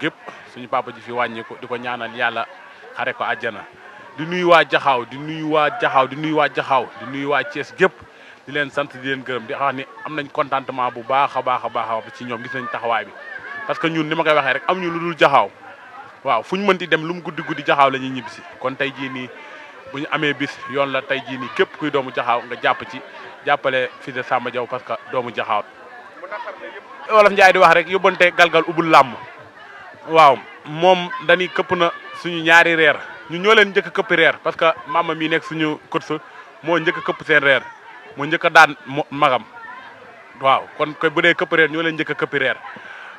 gépp suñu papa ji fi wàññeeku di ko ñaanal yàlla xare ko àjjana di nuyu waa jaxaaw di nuyu waa jaxaaw di nuyu waa jaxaaw di nuyu waa cees gépp di leen sant di leen gërëm di wax ni am nañ contentement bu baax a baax a baax ci ñoom gis nañ taxawaay bi parce que ñun ni ma koy waxee rek amuñu lu dul jaxaaw waaw fu ñu mënti dem lu mu guddi guddi jaxaaw la ñuy ñibbisi kon tey jii nii bu ñu amee bis yoon la tey jii nii képp kuy doomu jaxaaw nga jàpp ci jàppale fils de Samba jaw parce que doomu jaxaaw wolof Njaay di wax rek yóbbante galgal ubul làmm waaw moom dañuy këpp na suñu ñaari reer ñu ñoo leen njëkk a reer parce que maama mii nekk suñu kotsa moo njëkk a këpp seen reer moo njëkk a daan magam waaw kon koy bu dee këppi reer ñoo leen njëkk a këppi reer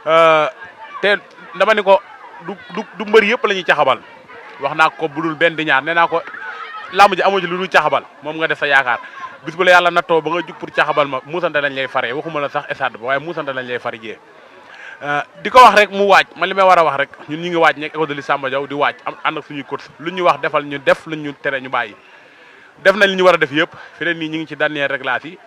euh, te dama ni ko du du du mbër yëpp la ñuy caxabal wax naa ko budul benn di ñaar nee naa ko làmb ji amoo ji lu dul moom nga def sa yaakaar bis bu la na nattoo ba nga jug pour caxabal ma muusante lañ lay fare waxuma la sax estade ba waaye muusante lañ lay far jee di ko wax rek mu waaj man li war a wax rek ñun ñu ngi waaj nekk école de li Samba Diaw di waaj am ànd fu suñuy coach lu ñu wax defal ñu def lu ñu tere ñu bàyyi def nañ li ñu war a def yëpp fi ne ñu ngi ci dernier réglage yi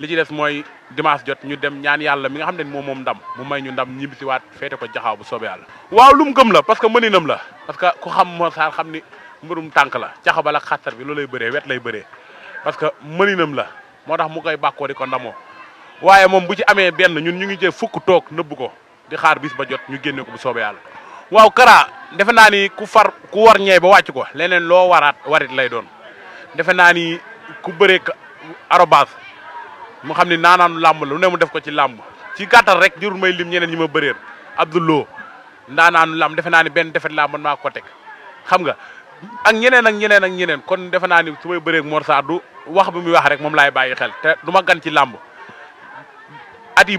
li ci des mooy dimanche jot ñu dem ñaan yàlla mi nga xam ne moom moom ndam mu may ñu ndam ñibbisiwaat feete ko jaxaw bu soobee yàlla waaw lu mu gëm la parce que mëninam la parce que ku xam Mor Sarr xam ni mbirum tànk la caxa bala xattar bi loolay bëree wet lay bëree parce que mëninam la moo tax mu koy bàkkoo di ko ndamoo waaye moom bu ci amee benn ñun ñu ngi jël fukk toog nëbb ko di xaar bis ba jot ñu génne ko bu soobee yàlla waaw Kara defe naa ni ku far ku war ñeey ba wàcc ko leneen loo waraat warit lay doon defe naa ni ku bëree arobase mu xam ne naanaanu làmb la lu ne mu def ko ci làmb ci gàttal rek jërul may lim ñeneen ñi ma bëreer Abdoulou ndaanaanu làmb defe naa ni benn defet laa man maa ko teg xam nga ak ñeneen ak ñeneen ak ñeneen kon defe naa ni su may bëree Mor Sarr du wax bi muy wax rek moom laay bàyyi xel te du ma gan ci làmb at yi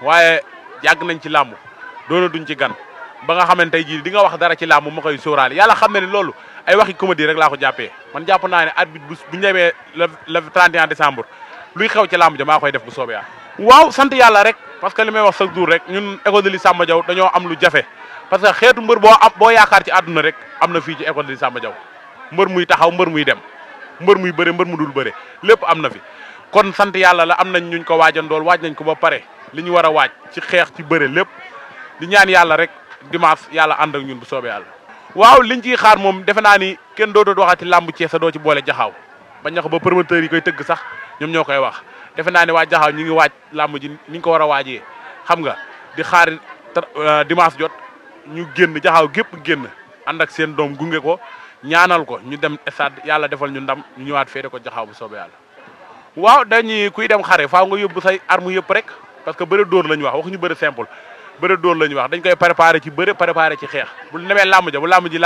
waaye yàgg nañ ci làmb doona duñ ci gan ba nga xamante tey jii di nga wax dara ci làmbu ma koy sóoraale yàlla xam na ne loolu ay waxi comédie rek laa ko jàppee man jàpp naa ne arbitre bu bu ñu demee le 31 décembre luy xew ci làmb ja maa koy def bu soobee yàlla. waaw sant yàlla rek parce que li may wax chaque jour rek ñun école de li Samba Diaw dañoo am lu jafe parce que xeetu mbër boo am boo yaakaar ci àdduna rek am na fii ci école de li Samba Diaw mbër muy taxaw mbër muy dem mbër muy bëre mbër mu dul bëre lépp am na fi kon sant yàlla la am nañ ñuñ ko waajandool waaj nañ ko ba pare li ñu war a waaj ci xeex ci bëre lépp di ñaan yàlla rek dimanche yàlla ànd ak ñun bu soobee yàlla. waaw liñ ciy xaar moom defe naa ni kenn doo doon waxati làmb Cees doo ci boole jaxaaw ba ñax ba ba promoteur yi koy tëgg sax ñoom ñoo koy wax defe naa ne waa jaxaaw ñu ngi waaj làmb ji ni ñu ko war a waajee xam nga di xaar euh, dimanche jot ñu génn jaxaaw gépp génn ànd ak seen doom gunge ko ñaanal ko ñu dem stade yàlla defal ñu ndam ñu ñëwaat féete ko jaxaaw bu soobee waaw dañuy kuy dem xare faaw nga yóbbu say arme yëpp rek parce que bëre dóor la ñu wax waxuñu bëre simple bëre dóor la wax dañ koy préparé ci bëre préparé ci xeex bu nemee làmb ja bu làmb ñu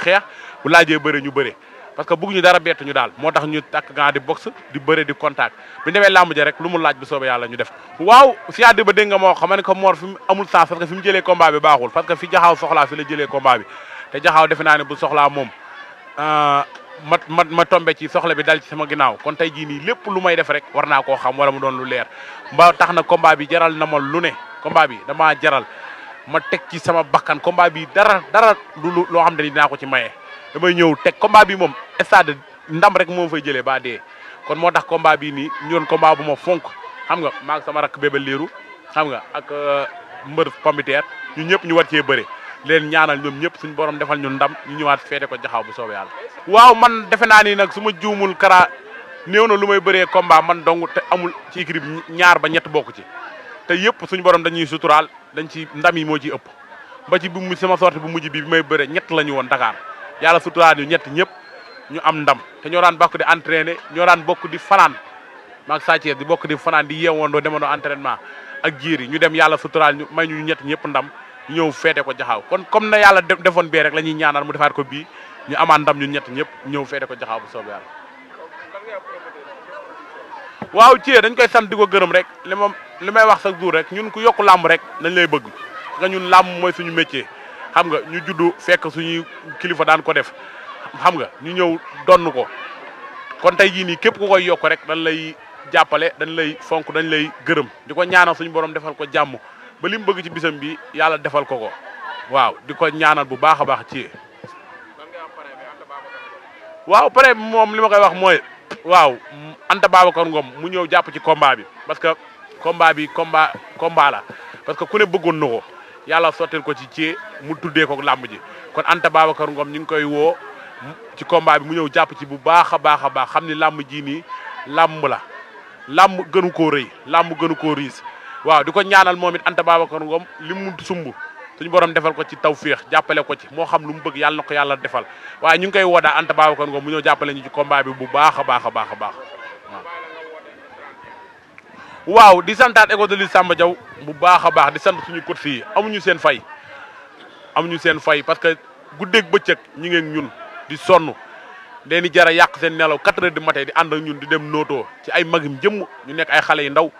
xeex bu laajee bëre dara bettu daal moo tax ñu takk gant di boxe di bëre di contact bu demee làmb ja rek lu mu laaj bu soobee yàlla ñu def waaw si àddi ba dégg nga moo xam ne ko Mor fi mu amul sens parce que fi mu jëlee combat bi baaxul parce que fi jaxaaw soxlaa fi la jëlee combat bi te jaxaaw defe naa ne bu soxlaa moom euh, ma ma ma tombe ci soxla bi dal ci sama ginnaaw kon tey jii nii lépp lu may def rek war naa koo xam wala mu doon lu leer mbaa tax na combat bi jaral na ma lu ne combat bi damaa jaral ma teg ci sama bakan combat bi dara dara du loo xam ne dinaa ko ci maye. damay ñëw teg combat bi moom stade ndam rek moo fay jëlee ba dee kon moo tax combat bii nii ñu doon combat bu ma fonk xam nga maag sama rakk bébé liiru xam nga ak euh, mbër pompiteer ñu ñëpp ñu war cee bëre. leen ñaanal ñoom ñëpp suñu borom defal ñu ndam ñu ñëwaat feete ko jaxaw bu soobee yàlla. waaw man defe ni nag suma ma juumul Kara néew na lu may bëree combat man dong te amul ci équipe ñaar ba ñett bokk ci te yëpp suñu borom dañuy suturaal dañ ci ndam yi moo ciy ëpp ba ci bu mu sama sortie bu mujj bi bi may bëree ñett la ñu woon Dakar yàlla suturaal ñu ñett ñëpp ñu am ndam te ñoo daan bokk di entraîner ñoo daan bokk di fanaan maag Sa Thiès di bokk di fanaan di yeewandoo demandoo entraînement ak jiir yi ñu dem yàlla suturaal ñu may ñett ñëpp ndam ñëw feete ko jaxaw kon comme na yàlla defoon bee rek la ñuy ñaanal mu defaat ko bii ñu amaat ndam ñun ñett ñëpp ñëw feete ko jaxaaw bu soobee yàlla. waaw Thié dañ koy sant di ko gërëm rek li ma li may wax sa jour rek ñun ku yokk làmb rek dañ lay bëgg nga ñun làmb mooy suñu métier xam nga ñu juddu fekk suñuy kilifa daan ko def xam nga ñu ñëw donn ko kon tey jii nii képp ku koy yokk rek dañ lay jàppale dañ lay fonk dañ lay gërëm di ko ñaana suñu borom defal ko jàmm. ba bëgg ci bisam bi yàlla defal ko ko waaw di ko ñaanal bu baax a baax ci waaw pare moom li ma koy wax mooy waaw Anta Babacar Ngom mu ñëw jàpp ci combat bi parce que combat bi combat combat la parce que ku ne bëggoon na ko yàlla sottil ko ci ci mu tuddee ko làmb ji kon Anta Babacar Ngom ñu ngi koy woo ci combat bi mu ñëw jàpp ci bu baax a baax a baax xam ni làmb ji nii làmb la làmb gënu koo rëy làmb gënu koo riis waaw di ko ñaanal moomit it Anta Babacar Ngom li mu sumb suñu borom defal ko ci tawféex jàppale ko ci moo xam lu mu bëgg yàlla na ko yàlla defal waaye ñu ngi koy woodaa Anta Babacar Ngom mu ñëw jàppale ñu ci combat bi bu baax a baax a baax a waaw di santaat école de lutte jaw bu baax a baax di sant suñu coach yi amuñu seen fay amuñu seen fay parce que guddeeg bëccëg ñu ngeen ak ñun di sonn leen di jara yàq seen nelaw 4 heures du di ànd ak ñun di dem nootoo ci ay magim jëmm ñu nekk ay xale yu ndaw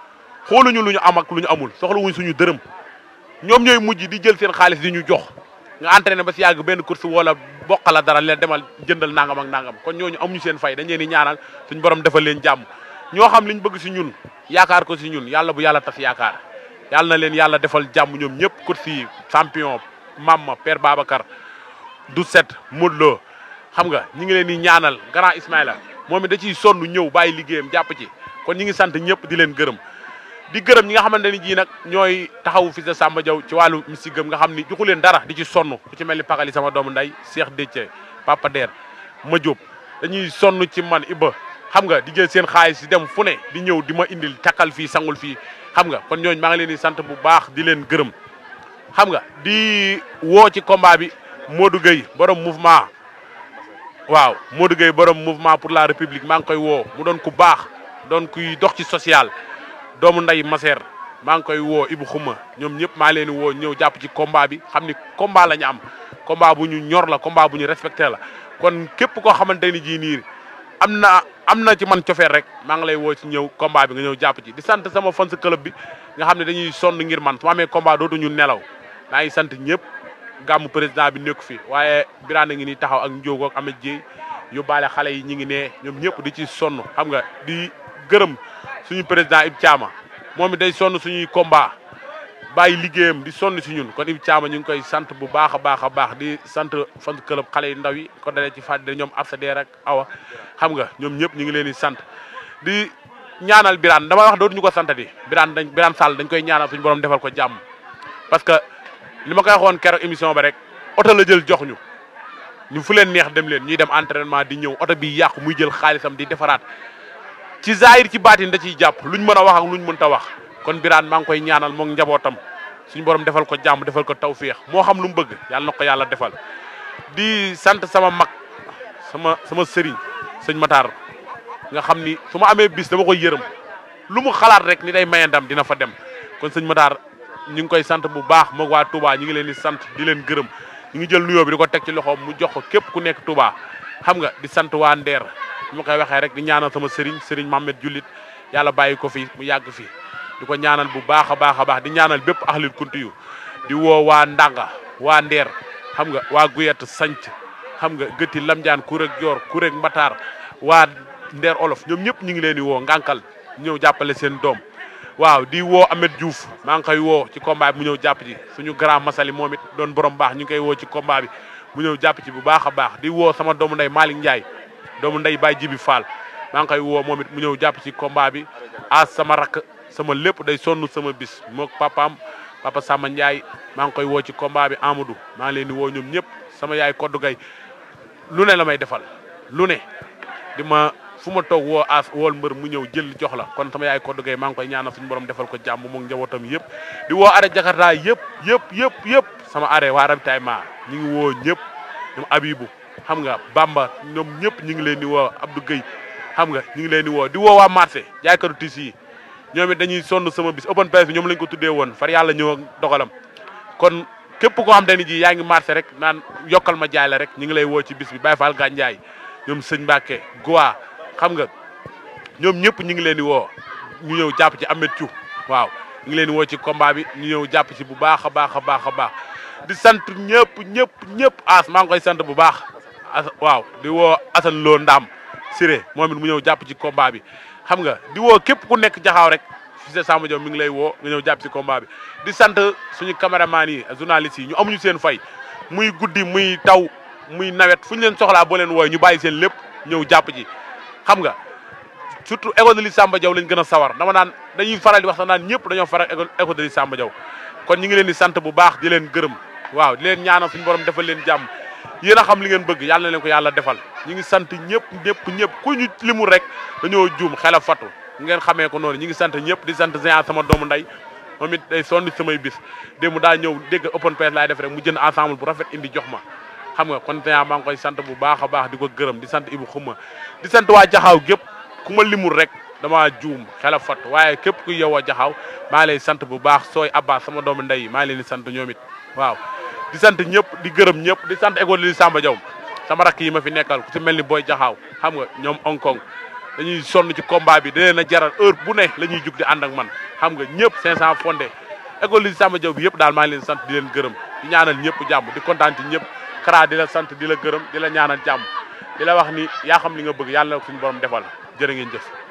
xooluñu lu ñu am ak lu ñu amul soxla wuñ suñu dërëm ñoom ñooy mujj di jël seen xaalis di ñu jox nga entraîné ba si yàgg benn course wala boqala dara leen demal jëndal nangam ak nangam kon ñooñu amuñu seen fay dañ leen di ñaanal suñ borom defal leen jàmm ñoo xam liñ bëgg si ñun yaakaar ko si ñun yàlla bu yàlla tas yaakaar yàlla na leen yàlla defal jàmm ñoom ñëpp course yi champion Mamma Père Babacar du set Modou xam nga ñi ngi leen di ñaanal grand Ismaïla moom it da ciy sonn ñëw bàyyi liggéeyam jàpp ci kon ñi ngi sant ñëpp di leen gërëm di gërëm ñi nga xamante ni ji nag ñooy taxaw fils sa Samba jaw ci wàllu mystique am nga xam ni joxu leen dara di ci sonn u ci mel ni Pakali sama doomu nday Cheikh Déthié Papa Der ma Diop dañuy sonn ci man Iba xam nga di jël seen xaalis si dem fu di ñëw di ma indil takkal fii sangul fii xam nga kon ñooñu maa ngi leen di sant bu baax di leen gërëm xam nga di woo ci combat bi Modou Gueye borom mouvement waaw Modou Gueye borom mouvement pour la république maa ngi koy woo mu doon ku baax doon kuy dox ci social doomu nday Maseer maa ngi koy woo Ibu Xuma ñoom ñëpp maa leen woo ñëw jàpp ci combat bi xam ni combat la ñu am combat bu ñu ñor la combat bu ñu respecté la kon képp koo xamante ni jii nii am na am na ci man cofeer rek maa ngi lay woo ci ñëw combat bi nga ñëw jàpp ci di sant sama fans club bi nga xam ne dañuy sonn ngir man su ma amee combat dootuñu nelaw maa ngi sant ñëpp gàmmu président bi nekk fi waaye biraan a ngi ni taxaw ak njóog ak ama jéey yóbbaale xale yi ñi ngi ne ñoom ñëpp di ci sonn xam nga di gërëm suñu président Ibou caama moom it day sonn suñuy combat bàyyi liggéeyam di sonn si ñun kon Ibou Thiama ñu ngi koy sant bu baax a baax a baax di sant fan club xale yu ndaw yi ko dalee ci fàttali ñoom Absa Der ak Awa xam nga ñoom ñëpp ñu ngi leen di sant di ñaanal Birane dama wax ñu ko santati Birane dañ Birane Sall dañ koy ñaanal suñu borom defal ko jàmm parce que li ma koy waxoon keroog émission ba rek oto la jël jox ñu ñu fu leen neex dem leen ñuy dem entraînement di ñëw oto bi yàqu muy jël xaalisam di defaraat ci zaahir ci baatin da ciy jàpp luñ mën a wax ak luñ mënta wax kon biraan maa ngi koy ñaanal moom njabootam suñu borom defal ko jàmm defal ko tawféex moo xam lu mu bëgg yàlla na ko yàlla defal di sant sama mag sama sama sëriñ sëñ mataar nga xam ni su ma amee bis dama koy yërëm lu mu xalaat rek ni day mayantam dina fa dem kon sëñ Matar ñu ngi koy sant bu baax moog waa Touba ñu ngi leen di sant di leen gërëm ñu ngi jël nuyoo bi di ko teg ci loxoom mu jox ko képp ku nekk Touba xam nga di sant waa Ndeer bi ma koy waxee rek di ñaanal sama sëriñ sëriñ Mamed Jullit yàlla bàyyi ko fi mu yàgg fi di ko ñaanal bu baax a baax a baax di ñaanal bépp axlil kunti yu di woo waa Ndanga waa Ndeer xam nga waa Guyet Sanc xam nga gëtti Lamjaan Kurek Joor Kurek Mbataar waa Ndeer Olof ñoom ñëpp ñu ngi leen di woo Ngànkal ñëw jàppale seen doom waaw di woo Ameth Diouf maa ngi koy woo ci combat mu ñëw jàpp ji suñu grand masali moom it doon borom baax ñu ngi koy woo ci combat bi mu ñëw jàpp ci bu baax a baax di woo sama doomu ndey Malick Ndiaye doomu ndey Baye Jibi Fall maa ngi koy woo moom it mu ñëw jàpp ci combat bi aas sama rakk sama lépp day sonn sama bis mook papaam papa sama Ndiaye maa ngi koy woo ci combat bi Amadou maa ngi leen di woo ñoom ñëpp sama yaay koddu lu ne la may defal lu ne di ma fu ma toog woo aas wool mbër mu ñëw jël jox la kon sama yaay koddu maa ngi koy ñaana suñu borom defal ko jàmm moom njabootam yëpp di woo are jakarta yëpp yëpp yëpp sama are waa rabitaay ma ñu woo ñëpp abibu xam nga Bamba ñoom ñëpp ñu ngi leen di woo Abdou Guèye xam nga ñu ngi leen di woo di woo waa marché jaaykatu tiis yi ñoom dañuy sonn sama bis open presse bi ñoom lañ ko tuddee woon far yàlla ñëw ak dogalam kon képp koo xam te ni ji yaa ngi marché rek naan yokkal ma jaay la rek ñu ngi lay woo ci bis bi Baye Fall Gandiaye ñoom sëñ Mbacke Goa xam nga ñoom ñëpp ñu ngi leen di woo ñu ñëw jàpp ci Amet Thiou waaw ñu ngi leen di woo ci combat bi ñu ñëw jàpp ci bu baax a baax a baax a baax di sant ñëpp ñëpp ñëpp aas maa ngi koy sant bu baax waaw di woo Assane Lo Ndam Siré moom it mu ñëw jàpp ci combat bi xam nga di woo képp ku nekk jaxaaw rek fii sa Samba Diop mi ngi lay woo nga ñëw jàpp ci combat bi di sant suñu caméraman yi journalistes yi ñu amuñu seen fay muy guddi muy taw muy nawet fu ñu leen soxlaa boo leen wooy ñu bàyyi seen lépp ñëw jàpp ci xam nga surtout école de lutte Samba Diaw lañ gën a sawar dama naan dañuy faral di wax sax naan ñëpp dañoo faral école Samba Diaw kon ñu ngi leen di sant bu baax di leen gërëm waaw di leen ñaanal suñu borom defal leen jàmm yéen a xam li ngeen bëgg yàlla na leen ko yàlla defal ñi ngi sant ñëpp ñëpp ñëpp ku ñu limu rek da dañoo juum xel a fatu ngeen xamee ko noonu ñi ngi sant ñëpp di sant Géant sama doomu nday moom it day sonn samay bis démb daa ñëw dégg open press laay def rek mu jënd ensemble bu rafet indi jox ma xam nga kon Géant maa ngi koy sant bu baax a baax di ko gërëm di sant Ibou Xuma di sant waa Jaxaaw gépp ku ma limul rek dama juum xel a fat waaye képp ku yow a Jaxaaw sant bu baax sooy Abbas sama doomu ndey maa ngi di sant ñoom it di sant ñëpp di gërëm ñëpp di sant école li Samba Diaw sama rakk yi ma fi nekkal ku ci mel ni Boy Jaxaaw xam nga ñoom Hong Kong dañuy sonn ci combat bi da leen a jaral heure bu ne la ñuy jug di ànd ak man xam nga ñëpp 500 fondé école li Samba Diaw bi yëpp daal maa ngi leen sant di leen gërëm di ñaanal ñëpp jàmm di kontaan ci ñëpp Kara di la sant di la gërëm di la ñaanal jàmm di la wax ni yaa xam li nga bëgg yàlla na ko suñu borom defal jërë ngeen jëf